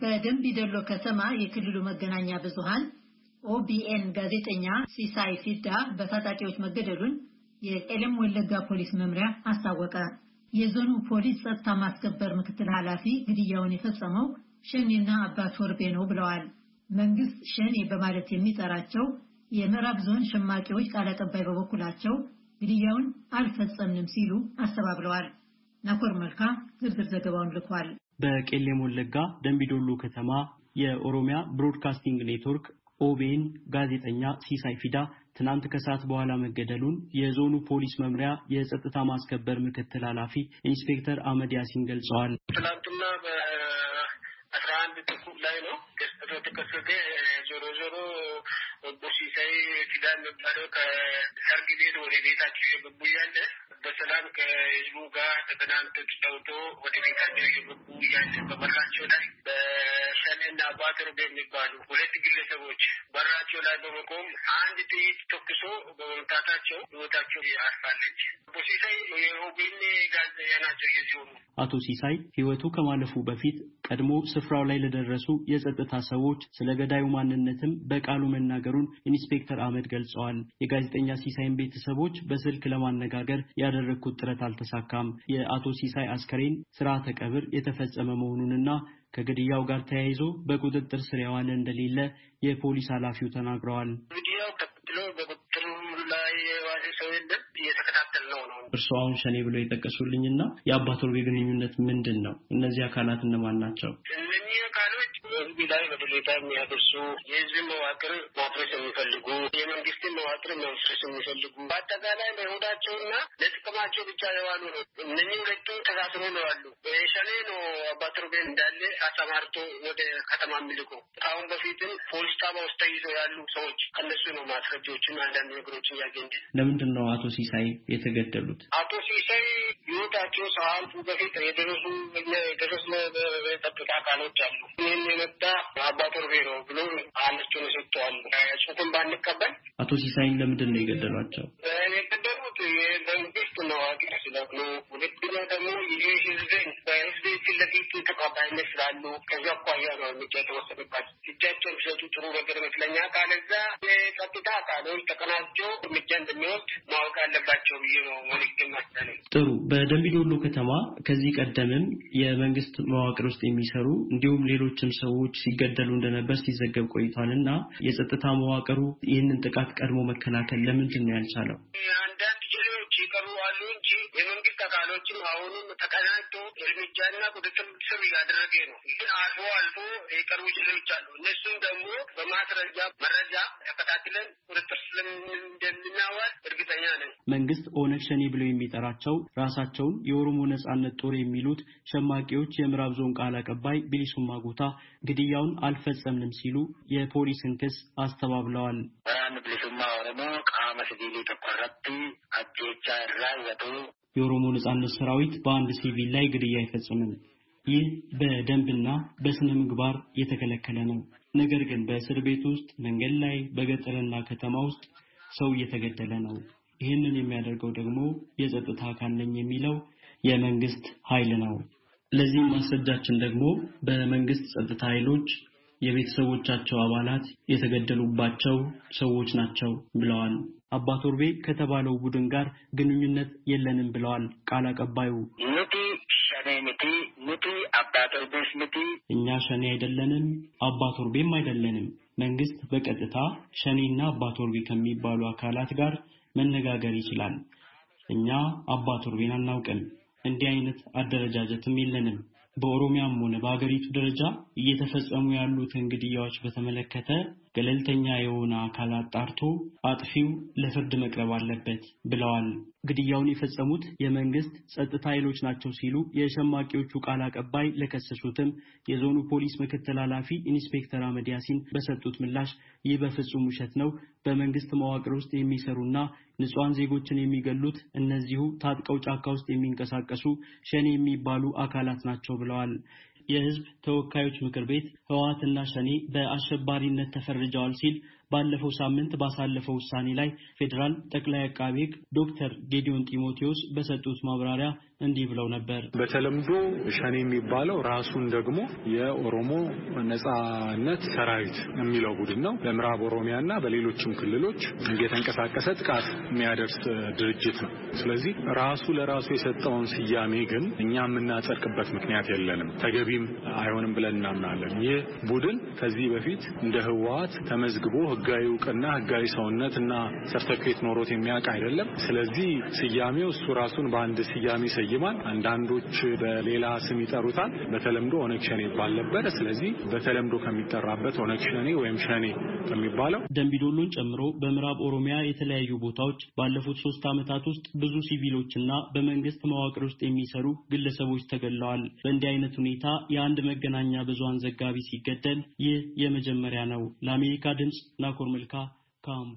በደንብ ደሎ ከተማ የክልሉ መገናኛ ብዙሃን ኦቢኤን ጋዜጠኛ ሲሳይ ፊዳ በታጣቂዎች መገደሉን የቄለም ወለጋ ፖሊስ መምሪያ አስታወቀ። የዞኑ ፖሊስ ጸጥታ ማስከበር ምክትል ኃላፊ ግድያውን የፈጸመው ሸኔና አባ ቶርቤ ነው ብለዋል። መንግስት ሸኔ በማለት የሚጠራቸው የምዕራብ ዞን ሸማቂዎች ቃል አቀባይ በበኩላቸው ግድያውን አልፈጸምንም ሲሉ አስተባብለዋል። ናኮር መልካ ዝርዝር ዘገባውን ልኳል። በቄሌ ሞለጋ ደንቢዶሎ ከተማ የኦሮሚያ ብሮድካስቲንግ ኔትወርክ ኦቤን ጋዜጠኛ ሲሳይ ፊዳ ትናንት ከሰዓት በኋላ መገደሉን የዞኑ ፖሊስ መምሪያ የጸጥታ ማስከበር ምክትል ኃላፊ ኢንስፔክተር አህመድ ያሲን ገልጸዋል። ትናንትና በአስራ አንድ ጥቁር ላይ ነው ተከሰተ ሲሳይ ኪዳን የሚባለው ከሰርግ ቤት ወደ ቤታቸው የገቡ እያለ በሰላም ከህዝቡ ጋር ተገናኝቶ ተጫውቶ ወደ ቤታቸው የገቡ እያለ በመራቸው ላይ ሰሜና አባተርቤ የሚባሉ ሁለት ግለሰቦች በራቸው ላይ በመቆም አንድ ጥይት ተኩሶ በመምታታቸው ህይወታቸው አርፋለች። አቶ ሲሳይ ጋዜጠኛ ናቸው። የዚሁ አቶ ሲሳይ ህይወቱ ከማለፉ በፊት ቀድሞ ስፍራው ላይ ለደረሱ የጸጥታ ሰዎች ስለ ገዳዩ ማንነትም በቃሉ መናገሩን ኢንስፔክተር አህመድ ገልጸዋል። የጋዜጠኛ ሲሳይን ቤተሰቦች በስልክ ለማነጋገር ያደረግኩት ጥረት አልተሳካም። የአቶ ሲሳይ አስከሬን ስርዓተ ቀብር የተፈጸመ መሆኑንና ከግድያው ጋር ተያይዞ በቁጥጥር ስር የዋለ እንደሌለ የፖሊስ ኃላፊው ተናግረዋል። ግድያው ተከትሎ በቁጥጥር ላይ የዋለ ሰው የለም፣ እየተከታተል ነው ነው። እርስዎ አሁን ሸኔ ብለው የጠቀሱልኝና የአባቶ ግንኙነት ምንድን ነው? እነዚህ አካላት እነማን ናቸው? እነኚህ አካሎች የህዝብ ላይ በደሌታ የሚያደርሱ የህዝብን መዋቅር ማፍረስ የሚፈልጉ የመንግስትን መዋቅር መፍረስ የሚፈልጉ በአጠቃላይ ለሆዳቸውና ለጥቅማቸው ብቻ የዋሉ ነው። እነኝም ሁለቱም ተሳስሮ ነው ያሉ። ሸኔ ነው አባትርቤን እንዳለ አሰማርቶ ወደ ከተማ የሚልኮ ከአሁን በፊትም ፖሊስ ጣቢያ ውስጥ ተይዘው ያሉ ሰዎች ከነሱ ነው ማስረጃዎችን አንዳንድ ነገሮችን ያገኘ። ለምንድን ነው አቶ ሲሳይ የተገደሉት? አቶ ሲሳይ ህይወታቸው ሳያልፉ በፊት የደረሱ የደረስነ የጸጥታ አካሎች አሉ። ይህን የመጣ አባቶርቤ ነው ብሎ አነቸውን የሰጥተዋል። ጽሁፍን ባንቀበል አቶ ሲሳይን ለምንድን ነው የገደሏቸው? ከዚህ ተቀባይነት ስላሉ ከዚ አኳያ ነው እርምጃ የተወሰደባቸው። እጃቸውን ሲሰጡ ጥሩ ነገር ቃል ካለዛ የጸጥታ አካሎች ተቀናቸው እርምጃ እንደሚወስድ ማወቅ አለባቸው ብዬ ነው መልዕክት ማስተላለፍ። ጥሩ። በደምቢዶሎ ከተማ ከዚህ ቀደምም የመንግስት መዋቅር ውስጥ የሚሰሩ እንዲሁም ሌሎችም ሰዎች ሲገደሉ እንደነበር ሲዘገብ ቆይቷል እና የጸጥታ መዋቅሩ ይህንን ጥቃት ቀድሞ መከላከል ለምንድን ነው ያልቻለው? ችግሮች ይቀሩዋሉ እንጂ የመንግስት አካሎችም አሁኑም ተቀናጅቶ እርምጃና ቁጥጥር ስር እያደረገ ነው። ግን አልፎ አልፎ የቀሩ ችሎች አሉ። እነሱም ደግሞ በማስረጃ መረጃ ተከታትለን ቁጥጥር ስለምንደምናዋል እርግጠኛ ነን። መንግስት ኦነግ ሸኔ ብለው የሚጠራቸው ራሳቸውን የኦሮሞ ነጻነት ጦር የሚሉት ሸማቂዎች የምዕራብ ዞን ቃል አቀባይ ቢሊሱማ ጉታ ግድያውን አልፈጸምንም ሲሉ የፖሊስን ክስ አስተባብለዋል። ብሊሱማ ኦሮሞ nama sibiilii tokko irratti የኦሮሞ ነጻነት ሰራዊት በአንድ ሲቪል ላይ ግድያ አይፈጽምም። ይህ በደንብና በስነ ምግባር የተከለከለ ነው። ነገር ግን በእስር ቤት ውስጥ፣ መንገድ ላይ፣ በገጠርና ከተማ ውስጥ ሰው እየተገደለ ነው። ይህንን የሚያደርገው ደግሞ የጸጥታ አካል ነኝ የሚለው የመንግስት ኃይል ነው። ለዚህም ማስረጃችን ደግሞ በመንግስት ጸጥታ ኃይሎች የቤተሰቦቻቸው አባላት የተገደሉባቸው ሰዎች ናቸው ብለዋል። አባ ቶርቤ ከተባለው ቡድን ጋር ግንኙነት የለንም ብለዋል ቃል አቀባዩ። እኛ ሸኔ አይደለንም፣ አባ ቶርቤም አይደለንም። መንግስት በቀጥታ ሸኔና አባ ቶርቤ ከሚባሉ አካላት ጋር መነጋገር ይችላል። እኛ አባ ቶርቤን አናውቅም። እንዲህ አይነት አደረጃጀትም የለንም። በኦሮሚያም ሆነ በሀገሪቱ ደረጃ እየተፈጸሙ ያሉትን ግድያዎች በተመለከተ ገለልተኛ የሆነ አካል አጣርቶ አጥፊው ለፍርድ መቅረብ አለበት ብለዋል። ግድያውን የፈጸሙት የመንግስት ጸጥታ ኃይሎች ናቸው ሲሉ የሸማቂዎቹ ቃል አቀባይ ለከሰሱትም የዞኑ ፖሊስ ምክትል ኃላፊ ኢንስፔክተር አህመድ ያሲን በሰጡት ምላሽ ይህ በፍጹም ውሸት ነው። በመንግስት መዋቅር ውስጥ የሚሰሩና ንጹሐን ዜጎችን የሚገሉት እነዚሁ ታጥቀው ጫካ ውስጥ የሚንቀሳቀሱ ሸኔ የሚባሉ አካላት ናቸው ብለዋል። የህዝብ ተወካዮች ምክር ቤት ህወሓትና ሸኔ በአሸባሪነት ተፈርጀዋል ሲል ባለፈው ሳምንት ባሳለፈው ውሳኔ ላይ ፌዴራል ጠቅላይ አቃቤ ሕግ ዶክተር ጌዲዮን ጢሞቴዎስ በሰጡት ማብራሪያ እንዲህ ብለው ነበር። በተለምዶ ሸኔ የሚባለው ራሱን ደግሞ የኦሮሞ ነጻነት ሰራዊት የሚለው ቡድን ነው። በምዕራብ ኦሮሚያ እና በሌሎችም ክልሎች እየተንቀሳቀሰ ጥቃት የሚያደርስ ድርጅት ነው። ስለዚህ ራሱ ለራሱ የሰጠውን ስያሜ ግን እኛ የምናጸድቅበት ምክንያት የለንም፣ ተገቢም አይሆንም ብለን እናምናለን። ይህ ቡድን ከዚህ በፊት እንደ ህወሀት ተመዝግቦ ህጋዊ እውቅና ህጋዊ ሰውነት እና ሰርተፊኬት ኖሮት የሚያውቅ አይደለም። ስለዚህ ስያሜው እሱ ራሱን በአንድ ስያሜ ይሰይማል። አንዳንዶች በሌላ ስም ይጠሩታል። በተለምዶ ኦነግ ሸኔ ይባል ነበረ። ስለዚህ በተለምዶ ከሚጠራበት ኦነግ ሸኔ ወይም ሸኔ ከሚባለው ደንቢዶሎን ጨምሮ በምዕራብ ኦሮሚያ የተለያዩ ቦታዎች ባለፉት ሶስት ዓመታት ውስጥ ብዙ ሲቪሎችና በመንግስት መዋቅር ውስጥ የሚሰሩ ግለሰቦች ተገለዋል። በእንዲህ አይነት ሁኔታ የአንድ መገናኛ ብዙሃን ዘጋቢ ሲገደል ይህ የመጀመሪያ ነው። ለአሜሪካ ድምፅ ናኮር ዲያቆን መልካ ከአምቦ